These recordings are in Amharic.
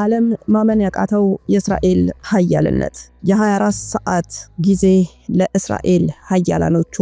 allem ማመን ያቃተው የእስራኤል ሀያልነት የ24 ሰዓት ጊዜ ለእስራኤል ሀያላኖቹ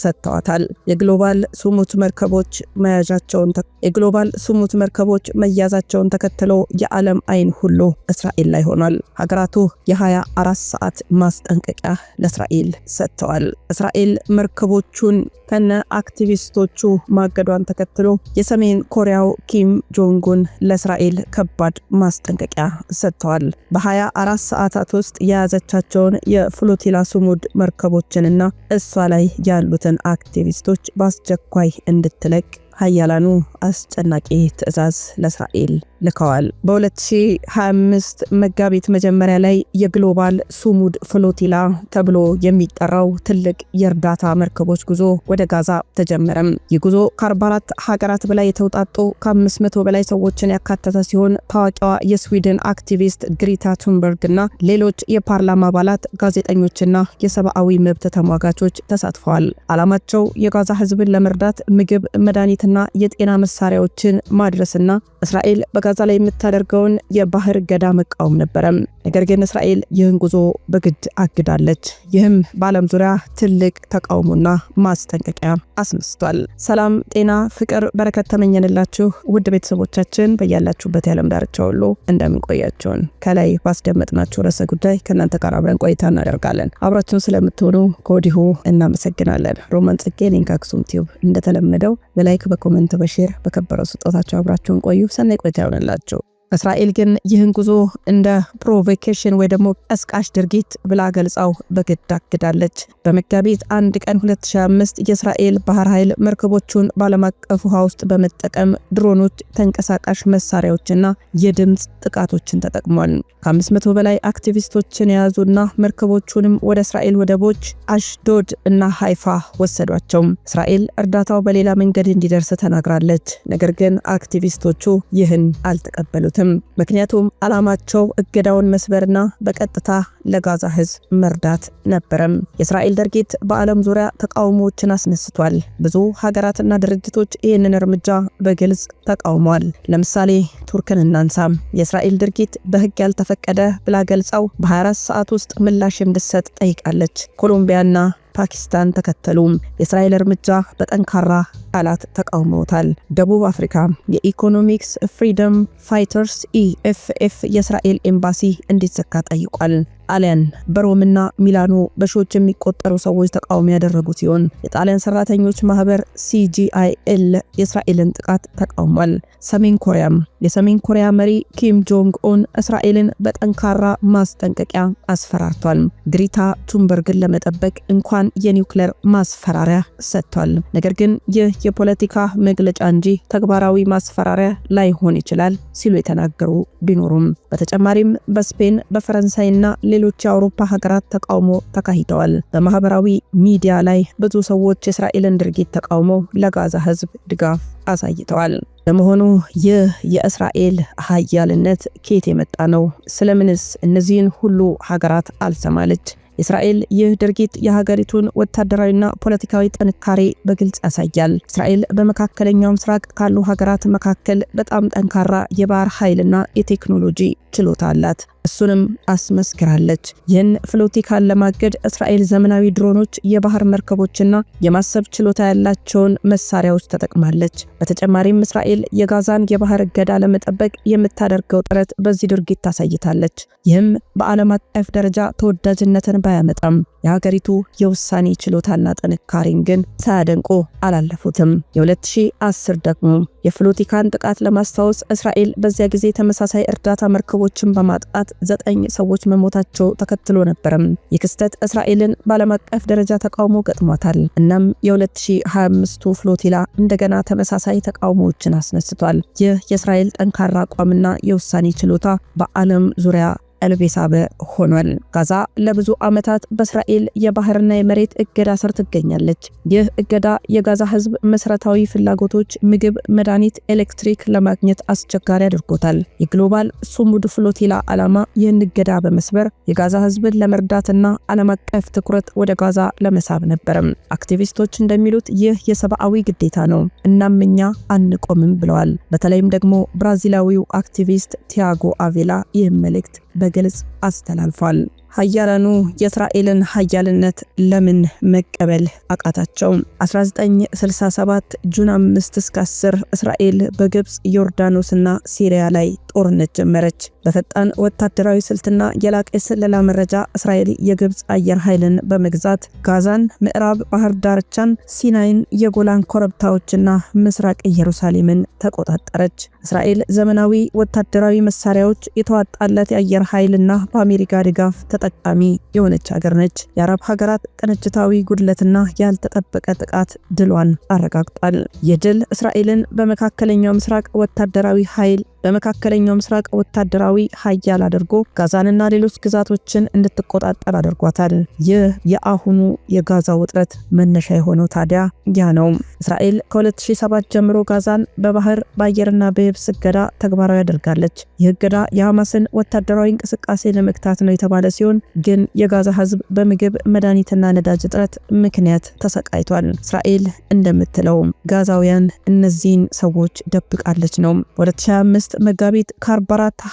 ሰጥተዋታል። የግሎባል ሱሙት መርከቦች መያዣቸውን የግሎባል ሱሙት መርከቦች መያዛቸውን ተከትሎ የዓለም አይን ሁሉ እስራኤል ላይ ሆኗል። ሀገራቱ የ24 ሰዓት ማስጠንቀቂያ ለእስራኤል ሰጥተዋል። እስራኤል መርከቦቹን ከነ አክቲቪስቶቹ ማገዷን ተከትሎ የሰሜን ኮሪያው ኪም ጆንጉን ለእስራኤል ከባድ ማስጠንቀቂያ ሰጥተዋል። በ24 ሰዓታት ውስጥ የያዘቻቸውን የፍሎቲላ ሱሙድ መርከቦችንና እሷ ላይ ያሉትን አክቲቪስቶች በአስቸኳይ እንድትለቅ ሀያላኑ አስጨናቂ ትዕዛዝ ለእስራኤል ልከዋል። በ2025 መጋቢት መጀመሪያ ላይ የግሎባል ሱሙድ ፍሎቲላ ተብሎ የሚጠራው ትልቅ የእርዳታ መርከቦች ጉዞ ወደ ጋዛ ተጀመረም። ይህ ጉዞ ከ44 ሀገራት በላይ የተውጣጡ ከ500 በላይ ሰዎችን ያካተተ ሲሆን ታዋቂዋ የስዊድን አክቲቪስት ግሪታ ቱንበርግ እና ሌሎች የፓርላማ አባላት፣ ጋዜጠኞችና የሰብአዊ መብት ተሟጋቾች ተሳትፈዋል። ዓላማቸው የጋዛ ህዝብን ለመርዳት ምግብ፣ መድኃኒትና የጤና መሳሪያዎችን ማድረስና እስራኤል በ በጋዛ ላይ የምታደርገውን የባህር ገዳ መቃወም ነበረ። ነገር ግን እስራኤል ይህን ጉዞ በግድ አግዳለች። ይህም በዓለም ዙሪያ ትልቅ ተቃውሞና ማስጠንቀቂያ አስነስቷል። ሰላም፣ ጤና፣ ፍቅር፣ በረከት ተመኘንላችሁ ውድ ቤተሰቦቻችን በያላችሁበት የዓለም ዳርቻ ሁሉ እንደምንቆያቸውን ከላይ ባስደመጥናችሁ ርዕሰ ጉዳይ ከእናንተ ጋር አብረን ቆይታ እናደርጋለን። አብራችሁን ስለምትሆኑ ከወዲሁ እናመሰግናለን። ሮማን ጽጌ ነኝ ከአክሱም ቲዩብ። እንደተለመደው በላይክ በኮመንት በሼር በከበረው ስጦታቸው አብራችሁን ቆዩ። ሰናይ ቆይታ Nacho. እስራኤል ግን ይህን ጉዞ እንደ ፕሮቮኬሽን ወይ ደግሞ ቀስቃሽ ድርጊት ብላ ገልጻው በግድ አግዳለች። በመጋቢት አንድ ቀን 2025 የእስራኤል ባህር ኃይል መርከቦቹን በዓለም አቀፍ ውሃ ውስጥ በመጠቀም ድሮኖች፣ ተንቀሳቃሽ መሳሪያዎችና የድምፅ ጥቃቶችን ተጠቅሟል። ከ500 በላይ አክቲቪስቶችን የያዙና መርከቦቹንም ወደ እስራኤል ወደቦች አሽዶድ እና ሃይፋ ወሰዷቸው። እስራኤል እርዳታው በሌላ መንገድ እንዲደርስ ተናግራለች። ነገር ግን አክቲቪስቶቹ ይህን አልተቀበሉትም። አይችልም። ምክንያቱም ዓላማቸው እገዳውን መስበርና በቀጥታ ለጋዛ ህዝብ መርዳት ነበረም። የእስራኤል ድርጊት በዓለም ዙሪያ ተቃውሞዎችን አስነስቷል። ብዙ ሀገራትና ድርጅቶች ይህንን እርምጃ በግልጽ ተቃውመዋል። ለምሳሌ ቱርክን እናንሳ። የእስራኤል ድርጊት በህግ ያልተፈቀደ ብላ ገልጸው በ24 ሰዓት ውስጥ ምላሽ እንድትሰጥ ጠይቃለች። ኮሎምቢያና ፓኪስታን ተከተሉ። የእስራኤል እርምጃ በጠንካራ ቃላት ተቃውመውታል። ደቡብ አፍሪካ የኢኮኖሚክስ ፍሪደም ፋይተርስ ኢኤፍኤፍ የእስራኤል ኤምባሲ እንዲዘጋ ጠይቋል። ጣሊያን በሮምና ሚላኖ በሺዎች የሚቆጠሩ ሰዎች ተቃውሞ ያደረጉ ሲሆን የጣሊያን ሰራተኞች ማህበር ሲጂአይኤል የእስራኤልን ጥቃት ተቃውሟል። ሰሜን ኮሪያም የሰሜን ኮሪያ መሪ ኪም ጆንግ ኡን እስራኤልን በጠንካራ ማስጠንቀቂያ አስፈራርቷል። ግሪታ ቱንበርግን ለመጠበቅ እንኳን የኒውክሌር ማስፈራሪያ ሰጥቷል። ነገር ግን ይህ የፖለቲካ መግለጫ እንጂ ተግባራዊ ማስፈራሪያ ላይሆን ይችላል ሲሉ የተናገሩ ቢኖሩም በተጨማሪም በስፔን በፈረንሳይና በሌሎች የአውሮፓ ሀገራት ተቃውሞ ተካሂደዋል። በማህበራዊ ሚዲያ ላይ ብዙ ሰዎች የእስራኤልን ድርጊት ተቃውመው ለጋዛ ህዝብ ድጋፍ አሳይተዋል። ለመሆኑ ይህ የእስራኤል ሀያልነት ኬት የመጣ ነው? ስለምንስ እነዚህን ሁሉ ሀገራት አልሰማለች? የእስራኤል ይህ ድርጊት የሀገሪቱን ወታደራዊና ፖለቲካዊ ጥንካሬ በግልጽ ያሳያል። እስራኤል በመካከለኛው ምስራቅ ካሉ ሀገራት መካከል በጣም ጠንካራ የባህር ኃይልና የቴክኖሎጂ ችሎታ አላት። እሱንም አስመስክራለች። ይህን ፍሎቲካን ለማገድ እስራኤል ዘመናዊ ድሮኖች፣ የባህር መርከቦችና የማሰብ ችሎታ ያላቸውን መሳሪያዎች ተጠቅማለች። በተጨማሪም እስራኤል የጋዛን የባህር እገዳ ለመጠበቅ የምታደርገው ጥረት በዚህ ድርጊት ታሳይታለች። ይህም በዓለም አቀፍ ደረጃ ተወዳጅነትን ባያመጣም የሀገሪቱ የውሳኔ ችሎታና ጥንካሬን ግን ሳያደንቁ አላለፉትም። የ2010 ደግሞ የፍሎቲካን ጥቃት ለማስታወስ እስራኤል በዚያ ጊዜ ተመሳሳይ እርዳታ መርከቦችን በማጥቃት ዘጠኝ ሰዎች መሞታቸው ተከትሎ ነበርም። ይህ ክስተት እስራኤልን በዓለም አቀፍ ደረጃ ተቃውሞ ገጥሟታል። እናም የ2025ቱ ፍሎቲላ እንደገና ተመሳሳይ ተቃውሞዎችን አስነስቷል። ይህ የእስራኤል ጠንካራ አቋምና የውሳኔ ችሎታ በዓለም ዙሪያ ቀልብ የሳበ ሆኗል። ጋዛ ለብዙ ዓመታት በእስራኤል የባህርና የመሬት እገዳ ስር ትገኛለች። ይህ እገዳ የጋዛ ሕዝብ መሰረታዊ ፍላጎቶች ምግብ፣ መድኃኒት፣ ኤሌክትሪክ ለማግኘት አስቸጋሪ አድርጎታል። የግሎባል ሱሙድ ፍሎቲላ ዓላማ ይህን እገዳ በመስበር የጋዛ ህዝብን ለመርዳትና ዓለም አቀፍ ትኩረት ወደ ጋዛ ለመሳብ ነበርም። አክቲቪስቶች እንደሚሉት ይህ የሰብአዊ ግዴታ ነው፣ እናም እኛ አንቆምም ብለዋል። በተለይም ደግሞ ብራዚላዊው አክቲቪስት ቲያጎ አቬላ ይህ መልእክት በግልጽ አስተላልፏል። ሀያላኑ የእስራኤልን ሀያልነት ለምን መቀበል አቃታቸው? 1967 ጁን 5 እስከ 10 እስራኤል በግብፅ ዮርዳኖስና ሲሪያ ላይ ጦርነት ጀመረች። በፈጣን ወታደራዊ ስልትና የላቀ ስለላ መረጃ እስራኤል የግብፅ አየር ኃይልን በመግዛት ጋዛን፣ ምዕራብ ባህር ዳርቻን፣ ሲናይን፣ የጎላን ኮረብታዎችና ምስራቅ ኢየሩሳሌምን ተቆጣጠረች። እስራኤል ዘመናዊ ወታደራዊ መሳሪያዎች፣ የተዋጣለት የአየር ኃይልና በአሜሪካ ድጋፍ ተጠቃሚ የሆነች ሀገር ነች። የአረብ ሀገራት ቅንጅታዊ ጉድለትና ያልተጠበቀ ጥቃት ድሏን አረጋግጧል። የድል እስራኤልን በመካከለኛው ምስራቅ ወታደራዊ ኃይል በመካከለኛው ምስራቅ ወታደራዊ ሀያል አድርጎ ጋዛንና ሌሎች ግዛቶችን እንድትቆጣጠር አድርጓታል። ይህ የአሁኑ የጋዛ ውጥረት መነሻ የሆነው ታዲያ ያ ነው። እስራኤል ከ2007 ጀምሮ ጋዛን በባህር በአየርና በየብስ እገዳ ተግባራዊ አድርጋለች። ይህ እገዳ የሐማስን ወታደራዊ እንቅስቃሴ ለመግታት ነው የተባለ ሲሆን ግን የጋዛ ህዝብ በምግብ መድኃኒትና ነዳጅ እጥረት ምክንያት ተሰቃይቷል። እስራኤል እንደምትለው ጋዛውያን እነዚህን ሰዎች ደብቃለች ነው። በ2025 መጋቢት ከ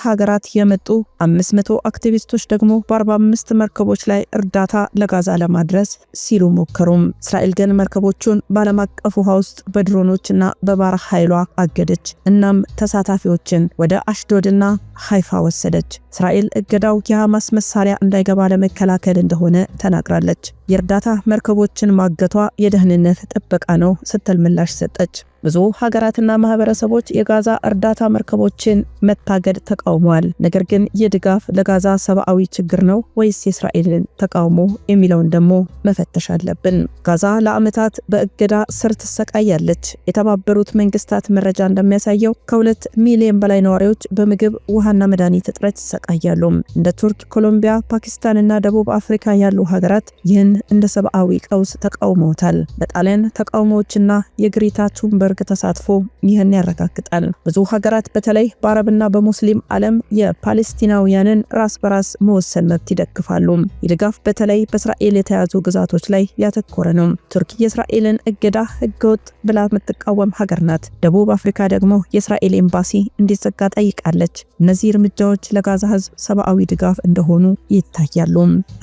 ሀገራት የመጡ 500 አክቲቪስቶች ደግሞ በ45 መርከቦች ላይ እርዳታ ለጋዛ ለማድረስ ሲሉ ሞከሩም። እስራኤል ግን መርከቦቹን በዓለም አቀፍ ውሃ ውስጥ በድሮኖችና በባህር ኃይሏ አገደች። እናም ተሳታፊዎችን ወደ አሽዶድና ሀይፋ ወሰደች። እስራኤል እገዳው የሐማስ መሳሪያ እንዳይገባ ለመከላከል እንደሆነ ተናግራለች። የእርዳታ መርከቦችን ማገቷ የደህንነት ጥበቃ ነው ስትል ምላሽ ሰጠች። ብዙ ሀገራትና ማህበረሰቦች የጋዛ እርዳታ መርከቦችን መታገድ ተቃውመዋል። ነገር ግን ይህ ድጋፍ ለጋዛ ሰብአዊ ችግር ነው ወይስ የእስራኤልን ተቃውሞ የሚለውን ደግሞ መፈተሽ አለብን። ጋዛ ለዓመታት በእገዳ ስር ትሰቃያለች። የተባበሩት መንግስታት መረጃ እንደሚያሳየው ከሁለት ሚሊዮን በላይ ነዋሪዎች በምግብ ውሃና መድኃኒት እጥረት ይሰቃያሉ። እንደ ቱርክ፣ ኮሎምቢያ፣ ፓኪስታንና ደቡብ አፍሪካ ያሉ ሀገራት ይህን እንደ ሰብአዊ ቀውስ ተቃውመውታል። በጣሊያን ተቃውሞዎችና የግሪታ ቱምበር የደርግ ተሳትፎ ይህን ያረጋግጣል። ብዙ ሀገራት በተለይ በአረብና በሙስሊም ዓለም የፓሌስቲናውያንን ራስ በራስ መወሰን መብት ይደግፋሉ። የድጋፍ በተለይ በእስራኤል የተያዙ ግዛቶች ላይ ያተኮረ ነው። ቱርክ የእስራኤልን እገዳ ህገወጥ ብላ የምትቃወም ሀገር ናት። ደቡብ አፍሪካ ደግሞ የእስራኤል ኤምባሲ እንዲዘጋ ጠይቃለች። እነዚህ እርምጃዎች ለጋዛ ህዝብ ሰብአዊ ድጋፍ እንደሆኑ ይታያሉ።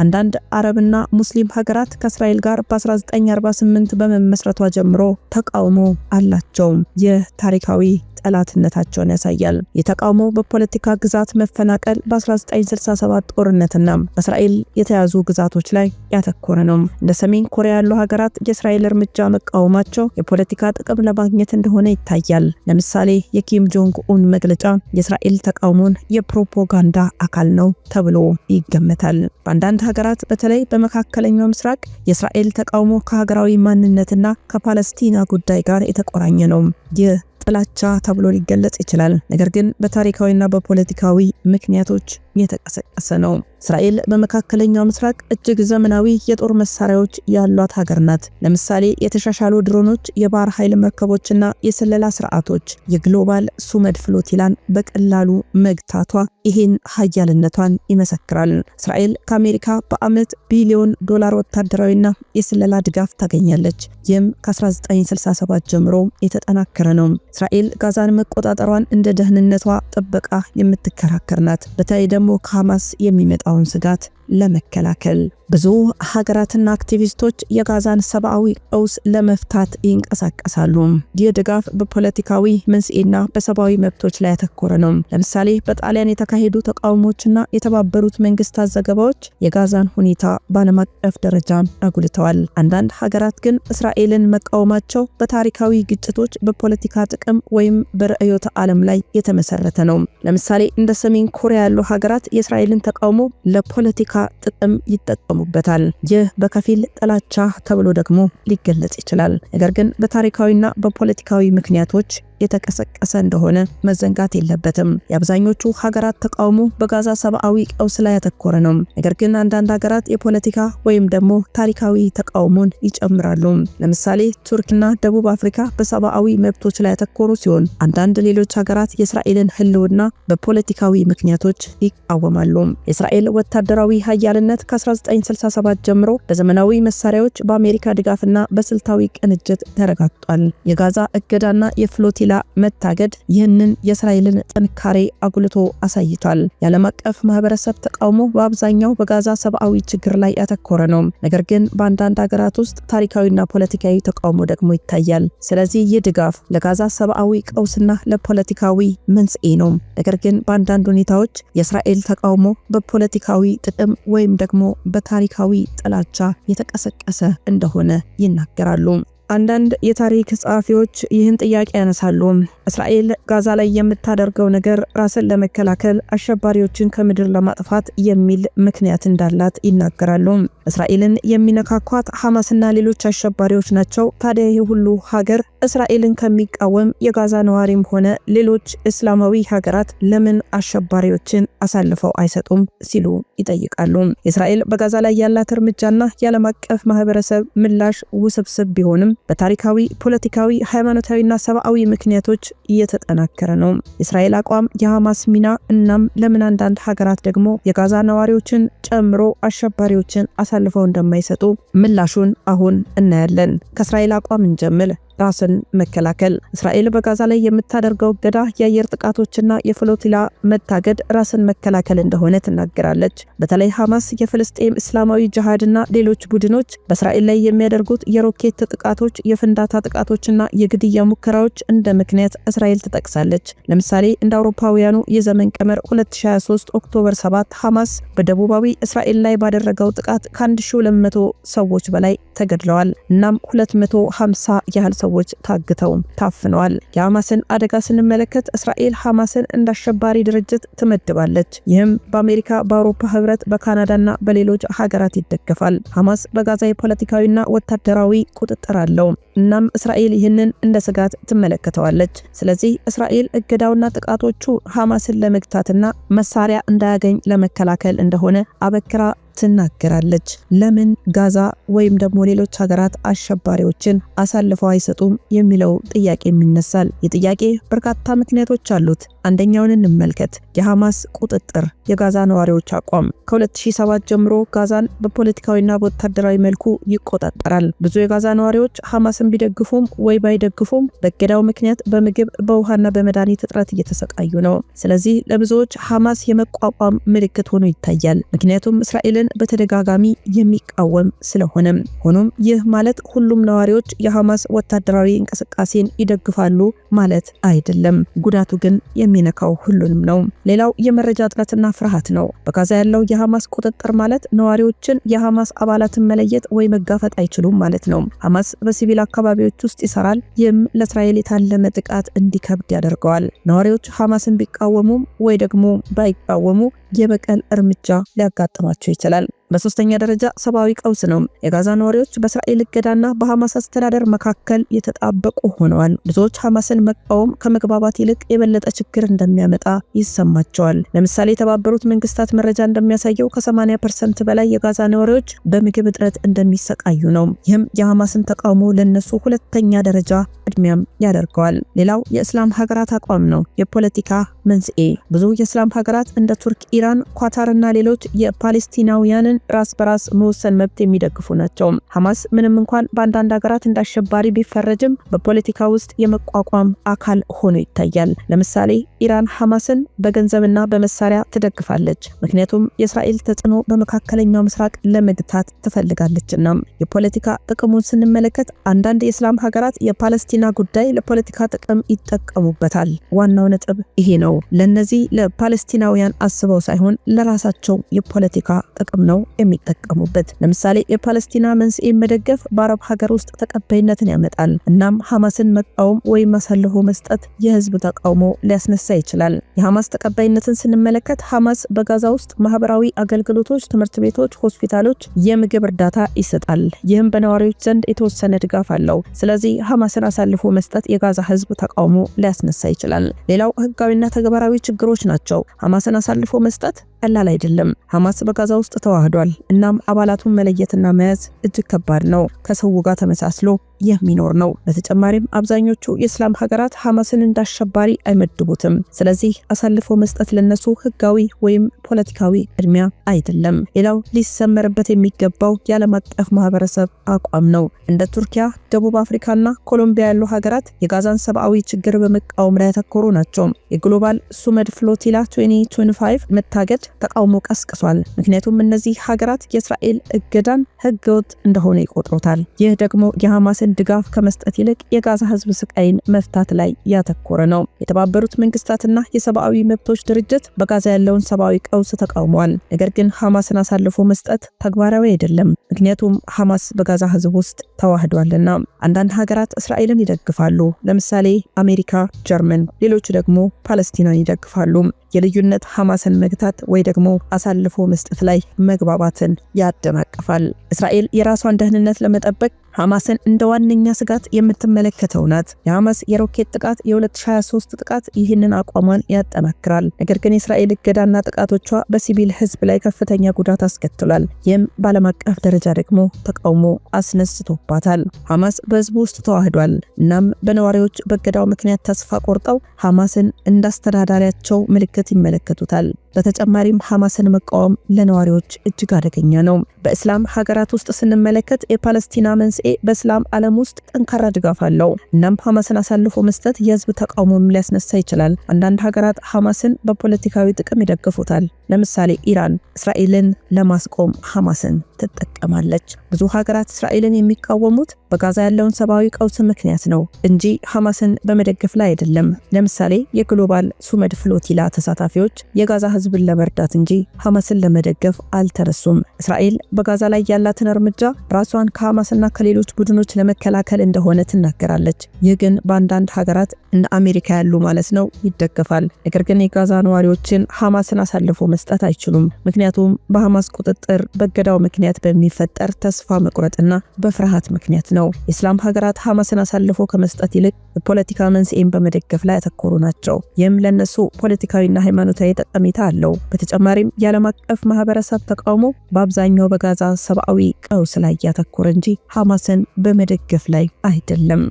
አንዳንድ አረብና ሙስሊም ሀገራት ከእስራኤል ጋር በ1948 በመመስረቷ ጀምሮ ተቃውሞ አላ አላቸውም። ይህ ታሪካዊ ጠላትነታቸውን ያሳያል። የተቃውሞ በፖለቲካ ግዛት መፈናቀል በ1967 ጦርነትና በእስራኤል የተያዙ ግዛቶች ላይ ያተኮረ ነው። እንደ ሰሜን ኮሪያ ያሉ ሀገራት የእስራኤል እርምጃ መቃወማቸው የፖለቲካ ጥቅም ለማግኘት እንደሆነ ይታያል። ለምሳሌ የኪም ጆንግ ኡን መግለጫ የእስራኤል ተቃውሞን የፕሮፓጋንዳ አካል ነው ተብሎ ይገመታል። በአንዳንድ ሀገራት በተለይ በመካከለኛው ምስራቅ የእስራኤል ተቃውሞ ከሀገራዊ ማንነትና ከፓለስቲና ጉዳይ ጋር የተቆራኘ ነው። ይህ ጥላቻ ተብሎ ሊገለጽ ይችላል። ነገር ግን በታሪካዊና በፖለቲካዊ ምክንያቶች የተቀሰቀሰ ነው። እስራኤል በመካከለኛው ምስራቅ እጅግ ዘመናዊ የጦር መሳሪያዎች ያሏት ሀገር ናት። ለምሳሌ የተሻሻሉ ድሮኖች፣ የባህር ኃይል መርከቦችና የስለላ ስርዓቶች የግሎባል ሱመድ ፍሎቲላን በቀላሉ መግታቷ ይህን ሀያልነቷን ይመሰክራል። እስራኤል ከአሜሪካ በዓመት ቢሊዮን ዶላር ወታደራዊና የስለላ ድጋፍ ታገኛለች። ይህም ከ1967 ጀምሮ የተጠናከረ ነው። እስራኤል ጋዛን መቆጣጠሯን እንደ ደህንነቷ ጥበቃ የምትከራከር ናት። በተለይ ደግሞ ከሐማስ የሚመጣውን ስጋት ለመከላከል ብዙ ሀገራትና አክቲቪስቶች የጋዛን ሰብአዊ ቀውስ ለመፍታት ይንቀሳቀሳሉ። ይህ ድጋፍ በፖለቲካዊ መንስኤና በሰብአዊ መብቶች ላይ ያተኮረ ነው። ለምሳሌ በጣሊያን የተካሄዱ ተቃውሞችና የተባበሩት መንግስታት ዘገባዎች የጋዛን ሁኔታ በዓለም አቀፍ ደረጃ አጉልተዋል። አንዳንድ ሀገራት ግን እስራኤልን መቃወማቸው በታሪካዊ ግጭቶች፣ በፖለቲካ ጥቅም ወይም በርዕዮተ ዓለም ላይ የተመሰረተ ነው። ለምሳሌ እንደ ሰሜን ኮሪያ ያሉ ሀገራት የእስራኤልን ተቃውሞ ለፖለቲካ ጥቅም ይጠቀሙበታል። ይህ በከፊል ጥላቻ ተብሎ ደግሞ ሊገለጽ ይችላል። ነገር ግን በታሪካዊና በፖለቲካዊ ምክንያቶች የተቀሰቀሰ እንደሆነ መዘንጋት የለበትም። የአብዛኞቹ ሀገራት ተቃውሞ በጋዛ ሰብአዊ ቀውስ ላይ ያተኮረ ነው። ነገር ግን አንዳንድ ሀገራት የፖለቲካ ወይም ደግሞ ታሪካዊ ተቃውሞን ይጨምራሉ። ለምሳሌ ቱርክና ደቡብ አፍሪካ በሰብአዊ መብቶች ላይ ያተኮሩ ሲሆን፣ አንዳንድ ሌሎች ሀገራት የእስራኤልን ህልውና በፖለቲካዊ ምክንያቶች ይቃወማሉ። የእስራኤል ወታደራዊ ሀያልነት ከ1967 ጀምሮ በዘመናዊ መሳሪያዎች በአሜሪካ ድጋፍና በስልታዊ ቅንጅት ተረጋግጧል። የጋዛ እገዳና የፍሎቲ ሌላ መታገድ ይህንን የእስራኤልን ጥንካሬ አጉልቶ አሳይቷል። የዓለም አቀፍ ማህበረሰብ ተቃውሞ በአብዛኛው በጋዛ ሰብአዊ ችግር ላይ ያተኮረ ነው። ነገር ግን በአንዳንድ ሀገራት ውስጥ ታሪካዊና ፖለቲካዊ ተቃውሞ ደግሞ ይታያል። ስለዚህ ይህ ድጋፍ ለጋዛ ሰብአዊ ቀውስና ለፖለቲካዊ መንስኤ ነው። ነገር ግን በአንዳንድ ሁኔታዎች የእስራኤል ተቃውሞ በፖለቲካዊ ጥቅም ወይም ደግሞ በታሪካዊ ጥላቻ የተቀሰቀሰ እንደሆነ ይናገራሉ። አንዳንድ የታሪክ ጸሐፊዎች ይህን ጥያቄ ያነሳሉ። እስራኤል ጋዛ ላይ የምታደርገው ነገር ራስን ለመከላከል አሸባሪዎችን ከምድር ለማጥፋት የሚል ምክንያት እንዳላት ይናገራሉ። እስራኤልን የሚነካኳት ሐማስና ሌሎች አሸባሪዎች ናቸው። ታዲያ ይህ ሁሉ ሀገር እስራኤልን ከሚቃወም የጋዛ ነዋሪም ሆነ ሌሎች እስላማዊ ሀገራት ለምን አሸባሪዎችን አሳልፈው አይሰጡም ሲሉ ይጠይቃሉ። እስራኤል በጋዛ ላይ ያላት እርምጃና የዓለም አቀፍ ማህበረሰብ ምላሽ ውስብስብ ቢሆንም በታሪካዊ፣ ፖለቲካዊ፣ ሃይማኖታዊና ሰብአዊ ምክንያቶች እየተጠናከረ ነው። የእስራኤል አቋም፣ የሐማስ ሚና እናም ለምን አንዳንድ ሀገራት ደግሞ የጋዛ ነዋሪዎችን ጨምሮ አሸባሪዎችን አሳልፈው እንደማይሰጡ ምላሹን አሁን እናያለን። ከእስራኤል አቋም እንጀምር። ራስን መከላከል እስራኤል በጋዛ ላይ የምታደርገው እገዳ የአየር ጥቃቶችና የፍሎቲላ መታገድ ራስን መከላከል እንደሆነ ትናገራለች። በተለይ ሐማስ፣ የፍልስጤም እስላማዊ ጅሃድና ሌሎች ቡድኖች በእስራኤል ላይ የሚያደርጉት የሮኬት ጥቃቶች፣ የፍንዳታ ጥቃቶችና የግድያ ሙከራዎች እንደ ምክንያት እስራኤል ትጠቅሳለች። ለምሳሌ እንደ አውሮፓውያኑ የዘመን ቀመር 2023 ኦክቶበር 7 ሐማስ በደቡባዊ እስራኤል ላይ ባደረገው ጥቃት ከ1200 ሰዎች በላይ ተገድለዋል። እናም 250 ያህል ሰ ሰዎች ታግተውም ታፍነዋል። የሐማስን አደጋ ስንመለከት እስራኤል ሐማስን እንደ አሸባሪ ድርጅት ትመድባለች። ይህም በአሜሪካ፣ በአውሮፓ ህብረት፣ በካናዳና በሌሎች ሀገራት ይደገፋል። ሐማስ በጋዛ የፖለቲካዊና ወታደራዊ ቁጥጥር አለው። እናም እስራኤል ይህንን እንደ ስጋት ትመለከተዋለች። ስለዚህ እስራኤል እገዳውና ጥቃቶቹ ሐማስን ለመግታትና መሳሪያ እንዳያገኝ ለመከላከል እንደሆነ አበክራ ትናገራለች። ለምን ጋዛ ወይም ደግሞ ሌሎች ሀገራት አሸባሪዎችን አሳልፈው አይሰጡም የሚለው ጥያቄም ይነሳል። ይህ ጥያቄ በርካታ ምክንያቶች አሉት። አንደኛውን እንመልከት። የሐማስ ቁጥጥር፣ የጋዛ ነዋሪዎች አቋም። ከ2007 ጀምሮ ጋዛን በፖለቲካዊና በወታደራዊ መልኩ ይቆጣጠራል። ብዙ የጋዛ ነዋሪዎች ሐማስን ቢደግፉም ወይ ባይደግፉም በገዳው ምክንያት በምግብ በውሃና በመድኃኒት እጥረት እየተሰቃዩ ነው። ስለዚህ ለብዙዎች ሐማስ የመቋቋም ምልክት ሆኖ ይታያል፣ ምክንያቱም እስራኤልን በተደጋጋሚ የሚቃወም ስለሆነም። ሆኖም ይህ ማለት ሁሉም ነዋሪዎች የሐማስ ወታደራዊ እንቅስቃሴን ይደግፋሉ ማለት አይደለም። ጉዳቱ ግን የሚነካው ሁሉንም ነው። ሌላው የመረጃ እጥረትና ፍርሃት ነው። በጋዛ ያለው የሐማስ ቁጥጥር ማለት ነዋሪዎችን የሐማስ አባላትን መለየት ወይ መጋፈጥ አይችሉም ማለት ነው። ሐማስ በሲቪል አካባቢዎች ውስጥ ይሰራል። ይህም ለእስራኤል የታለመ ጥቃት እንዲከብድ ያደርገዋል። ነዋሪዎች ሐማስን ቢቃወሙም ወይ ደግሞ ባይቃወሙ የበቀል እርምጃ ሊያጋጥማቸው ይችላል። በሶስተኛ ደረጃ ሰብአዊ ቀውስ ነው። የጋዛ ነዋሪዎች በእስራኤል እገዳና በሐማስ አስተዳደር መካከል የተጣበቁ ሆነዋል። ብዙዎች ሐማስን መቃወም ከመግባባት ይልቅ የበለጠ ችግር እንደሚያመጣ ይሰማቸዋል። ለምሳሌ የተባበሩት መንግስታት መረጃ እንደሚያሳየው ከ80 ፐርሰንት በላይ የጋዛ ነዋሪዎች በምግብ እጥረት እንደሚሰቃዩ ነው። ይህም የሐማስን ተቃውሞ ለነሱ ሁለተኛ ደረጃ ቅድሚያም ያደርገዋል። ሌላው የእስላም ሀገራት አቋም ነው። የፖለቲካ መንስኤ ብዙ የእስላም ሀገራት እንደ ቱርክ፣ ኢራን፣ ኳታር እና ሌሎች የፓሌስቲናውያንን ራስ በራስ መወሰን መብት የሚደግፉ ናቸው። ሐማስ ምንም እንኳን በአንዳንድ ሀገራት እንደ አሸባሪ ቢፈረጅም በፖለቲካ ውስጥ የመቋቋም አካል ሆኖ ይታያል። ለምሳሌ ኢራን ሐማስን በገንዘብና በመሳሪያ ትደግፋለች፣ ምክንያቱም የእስራኤል ተጽዕኖ በመካከለኛው ምስራቅ ለመግታት ትፈልጋለችና። የፖለቲካ ጥቅሙን ስንመለከት አንዳንድ የእስላም ሀገራት የፓለስቲና ጉዳይ ለፖለቲካ ጥቅም ይጠቀሙበታል። ዋናው ነጥብ ይሄ ነው። ለነዚህ ለፓለስቲናውያን አስበው ሳይሆን ለራሳቸው የፖለቲካ ጥቅም ነው የሚጠቀሙበት። ለምሳሌ የፓለስቲና መንስኤ መደገፍ በአረብ ሀገር ውስጥ ተቀባይነትን ያመጣል። እናም ሐማስን መቃወም ወይም አሳልፎ መስጠት የህዝብ ተቃውሞ ሊያስነሳ ይችላል። የሐማስ ተቀባይነትን ስንመለከት ሐማስ በጋዛ ውስጥ ማህበራዊ አገልግሎቶች፣ ትምህርት ቤቶች፣ ሆስፒታሎች፣ የምግብ እርዳታ ይሰጣል። ይህም በነዋሪዎች ዘንድ የተወሰነ ድጋፍ አለው። ስለዚህ ሐማስን አሳልፎ መስጠት የጋዛ ህዝብ ተቃውሞ ሊያስነሳ ይችላል። ሌላው ህጋዊና ተግባራዊ ችግሮች ናቸው። ሐማስን አሳልፎ መስጠት ቀላል አይደለም። ሐማስ በጋዛ ውስጥ ተዋህዷል። እናም አባላቱን መለየትና መያዝ እጅግ ከባድ ነው። ከሰው ጋር ተመሳስሎ የሚኖር ነው። በተጨማሪም አብዛኞቹ የእስላም ሀገራት ሐማስን እንዳሸባሪ አይመድቡትም። ስለዚህ አሳልፎ መስጠት ለነሱ ህጋዊ ወይም ፖለቲካዊ ቅድሚያ አይደለም። ሌላው ሊሰመርበት የሚገባው የዓለም አቀፍ ማህበረሰብ አቋም ነው። እንደ ቱርኪያ፣ ደቡብ አፍሪካና ኮሎምቢያ ያሉ ሀገራት የጋዛን ሰብአዊ ችግር በመቃወም ላይ ያተኮሩ ናቸው። የግሎባል ሱመድ ፍሎቲላ 2025 መታገድ ተቃውሞ ቀስቅሷል። ምክንያቱም እነዚህ ሀገራት የእስራኤል እገዳን ህገወጥ እንደሆነ ይቆጥሩታል። ይህ ደግሞ የሐማስን ድጋፍ ከመስጠት ይልቅ የጋዛ ህዝብ ስቃይን መፍታት ላይ ያተኮረ ነው። የተባበሩት መንግስታትና የሰብአዊ መብቶች ድርጅት በጋዛ ያለውን ሰብአዊ ቀው ቀውስ ተቃውመዋል። ነገር ግን ሐማስን አሳልፎ መስጠት ተግባራዊ አይደለም፣ ምክንያቱም ሐማስ በጋዛ ህዝብ ውስጥ ተዋህዷልና። አንዳንድ ሀገራት እስራኤልን ይደግፋሉ፣ ለምሳሌ አሜሪካ፣ ጀርመን፣ ሌሎቹ ደግሞ ፓለስቲናን ይደግፋሉ። የልዩነት ሐማስን መግታት ወይ ደግሞ አሳልፎ መስጠት ላይ መግባባትን ያደናቅፋል። እስራኤል የራሷን ደህንነት ለመጠበቅ ሐማስን እንደ ዋነኛ ስጋት የምትመለከተው ናት። የሐማስ የሮኬት ጥቃት፣ የ2023 ጥቃት ይህንን አቋሟን ያጠናክራል። ነገር ግን የእስራኤል እገዳና ጥቃቶች እርምጃዎቿ በሲቪል ህዝብ ላይ ከፍተኛ ጉዳት አስከትሏል። ይህም በዓለም አቀፍ ደረጃ ደግሞ ተቃውሞ አስነስቶባታል። ሐማስ በህዝቡ ውስጥ ተዋህዷል። እናም በነዋሪዎች በገዳው ምክንያት ተስፋ ቆርጠው ሐማስን እንዳስተዳዳሪያቸው ምልክት ይመለከቱታል። በተጨማሪም ሐማስን መቃወም ለነዋሪዎች እጅግ አደገኛ ነው። በእስላም ሀገራት ውስጥ ስንመለከት የፓለስቲና መንስኤ በእስላም ዓለም ውስጥ ጠንካራ ድጋፍ አለው። እናም ሐማስን አሳልፎ መስጠት የህዝብ ተቃውሞም ሊያስነሳ ይችላል። አንዳንድ ሀገራት ሐማስን በፖለቲካዊ ጥቅም ይደግፉታል። ለምሳሌ ኢራን እስራኤልን ለማስቆም ሐማስን ትጠቀማለች። ብዙ ሀገራት እስራኤልን የሚቃወሙት በጋዛ ያለውን ሰብአዊ ቀውስ ምክንያት ነው እንጂ ሐማስን በመደገፍ ላይ አይደለም። ለምሳሌ የግሎባል ሱመድ ፍሎቲላ ተሳታፊዎች የጋዛ ህዝብን ለመርዳት እንጂ ሐማስን ለመደገፍ አልተነሱም። እስራኤል በጋዛ ላይ ያላትን እርምጃ ራሷን ከሐማስና ከሌሎች ቡድኖች ለመከላከል እንደሆነ ትናገራለች። ይህ ግን በአንዳንድ ሀገራት እንደ አሜሪካ ያሉ ማለት ነው ይደገፋል። ነገር ግን የጋዛ ነዋሪዎችን ሐማስን አሳልፎ መስጠት አይችሉም። ምክንያቱም በሐማስ ቁጥጥር በገዳው ምክንያት በሚፈጠር ተስፋ መቁረጥና በፍርሃት ምክንያት ነው። የእስላም ሀገራት ሐማስን አሳልፎ ከመስጠት ይልቅ የፖለቲካ መንስኤን በመደገፍ ላይ ያተኮሩ ናቸው። ይህም ለእነሱ ፖለቲካዊና ሃይማኖታዊ ጠቀሜታ አለው። በተጨማሪም የዓለም አቀፍ ማህበረሰብ ተቃውሞ በአብዛኛው በጋዛ ሰብአዊ ቀውስ ላይ ያተኮረ እንጂ ሐማስን በመደገፍ ላይ አይደለም።